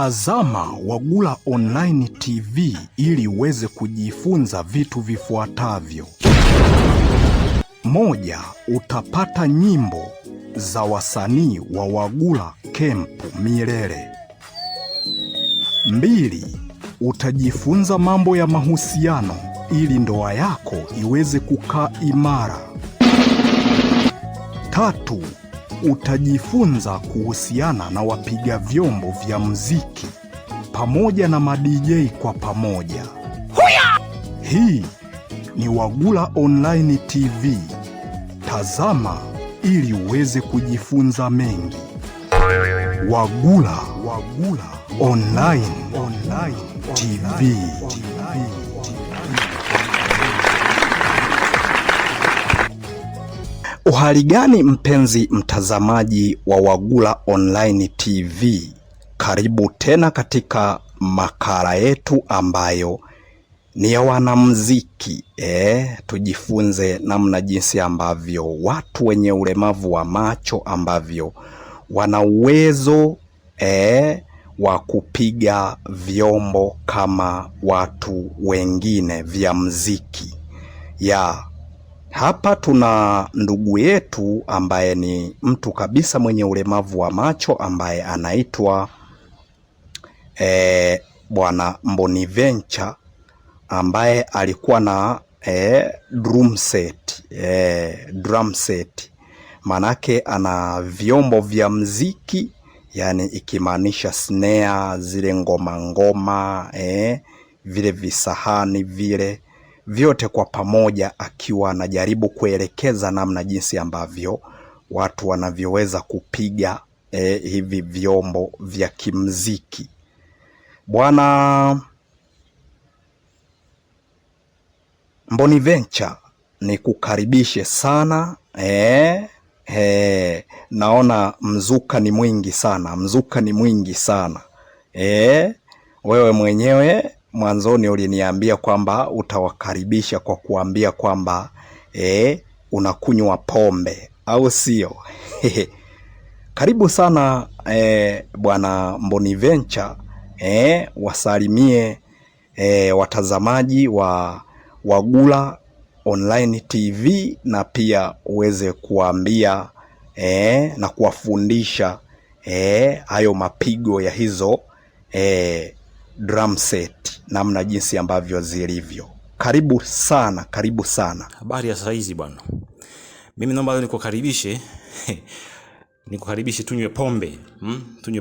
Tazama Wagula Online TV ili uweze kujifunza vitu vifuatavyo. Moja, utapata nyimbo za wasanii wa Wagula Kempu Milele. Mbili, utajifunza mambo ya mahusiano ili ndoa yako iweze kukaa imara. Tatu, utajifunza kuhusiana na wapiga vyombo vya muziki pamoja na madj kwa pamoja. Huya! Hii ni Wagula Online TV. Tazama ili uweze kujifunza mengi. Wagula, Wagula Online, Online TV. TV. Uhali gani mpenzi mtazamaji wa Wagula Online TV, karibu tena katika makala yetu ambayo ni ya wanamuziki eh, tujifunze namna jinsi ambavyo watu wenye ulemavu wa macho ambavyo wana uwezo eh, wa kupiga vyombo kama watu wengine vya muziki ya hapa tuna ndugu yetu ambaye ni mtu kabisa mwenye ulemavu wa macho ambaye anaitwa e, Bwana Mboniventure ambaye alikuwa na e, drum set, e, drum set manake ana vyombo vya mziki yani ikimaanisha snare, zile ngoma ngoma, e, vile visahani vile vyote kwa pamoja, akiwa anajaribu kuelekeza namna jinsi ambavyo watu wanavyoweza kupiga e, hivi vyombo vya kimziki bwana Mboni Venture ni kukaribishe sana e, e, naona mzuka ni mwingi sana, mzuka ni mwingi sana e, wewe mwenyewe mwanzoni uliniambia kwamba utawakaribisha kwa kuambia kwamba e, unakunywa pombe au sio? Karibu sana e, bwana Mboni Venture eh, wasalimie e, watazamaji wa Wagula Online TV na pia uweze kuambia e, na kuwafundisha hayo mapigo ya hizo eh, drum set namna jinsi ambavyo zilivyo. Karibu sana, karibu sana. Habari ya saa hizi bwana, mimi naomba nikukaribishe nikukaribishe tunywe pombe hmm? tunywe